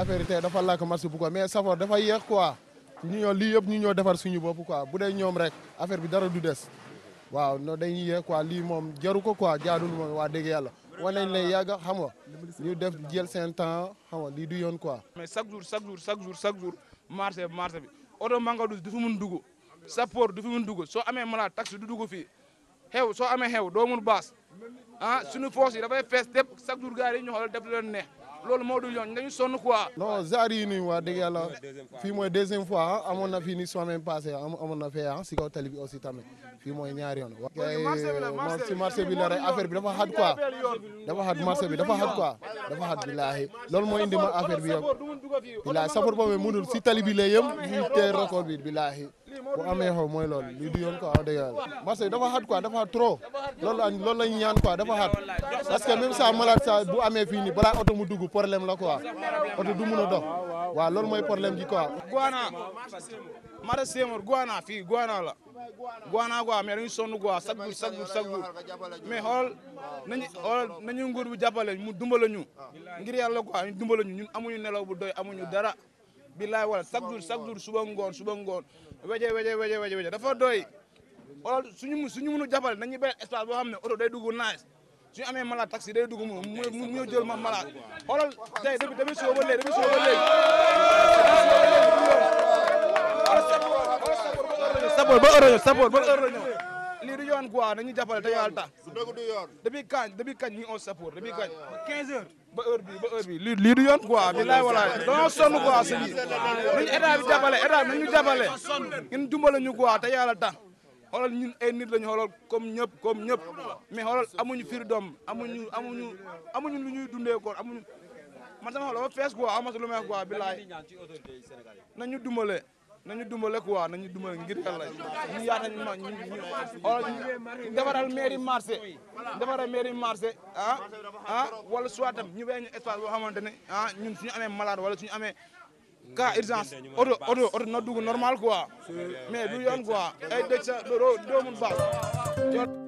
affaire yi tey dafa làkk match bu ko mais Safor dafa yéex quoi ñu ñoo lii yëpp ñu ñoo defar suñu boobu quoi bu dee ñoom rek affaire bi dara du des waaw no dañuy yéex quoi lii moom jaru ko quoi jaadul moom waa dégg yàlla wan nañ lay yàgg xam nga ñu def jël seen temps xam nga lii du yoon quoi. mais chaque jour chaque jour chaque jour chaque jour marché marché bi oto Mangadou du fi mun dugg Sapor du fi mun dugg soo amee malade taxi du dugg fii xew soo amee xew doo mun baas ah suñu force yi dafay fees tepp jour gars yi ñu leen neex. loolu moo dul yoon dañu sonn quoi. non genre yi nii wax dëgg yàlla fii mooy deuxième fois ah, amoon na fii nii semaine passée ah, amoon na fee ah si kaw tali bi aussi tamit fii mooy ñaari yoon. si bi la rek affaire bi dafa xat quoi dafa xat marché bi dafa xat quoi dafa xat billaahi loolu moo indi ma affaire bi yokku billaahi safar boobu mënul si tali bi la yem ñu teel record bi billaahi bu amee xaw mooy loolu li du yoon quoi wax dëgg yàlla parce que dafa xat quoi dafa xat trop loolu la ñaan quoi dafa xat parce que même ça malade bu amee fii nii balaa oto mu dugg la quoi oto du mun a dox waaw loolu mooy problème ji quoi. Mara Sémor Guana fii Guana la Guana quoi mais dañu sonn quoi chaque jour chaque jour chaque jour mais xool nañu xool nañu nguur bu jàppale mu dumbala ñu ngir yàlla quoi ñu ñu amuñu nelaw bu amuñu dara. billaay wala chaque jour chaque jour suba ngoon suba ngoon weje weje weje weje weje dafa doy wala suñu suñu mënu jàppale nañu benn espace boo xam ne oto day dugg naaj suñu amee malade taxi day dugg mu mu mu jël ma malade xoolal tey depuis depuis suba ba léegi depuis suba ba léegi. sappoor ba heure la ñëw sappoor ba heure la ñëw. lii du yoon quoi nañu jàppale te yàlla tax. du ñu ngi on support depuis kañ. ba 15 heures ba heure bi ba heure bi lii bilaay walaay dañoo sonn quoi si lii. nañu bi jàppale état nañu jàppale. ñun dimbale ñu quoi te yàlla tax. xoolal ñun ay nit lañu xoolal comme ñëpp comme ñëpp mais xoolal amuñu fiir amuñu amuñu amuñu lu amuñu man sama xol dafa fees quoi amatu lu may quoi bilaay nañu dimbale nañu dumbale quoi nañu dumbale ngir yàlla ñu yaata ñu ma ñu ñu defaral mairie marché ah, ah, wala soit tam ñu wee ñu espace boo xamante ne ah ñun suñu amee malade wala suñ amee cas urgence oto oto oto na dugg normal quoi mais du yoon quoi ay dëj sa doo mun baax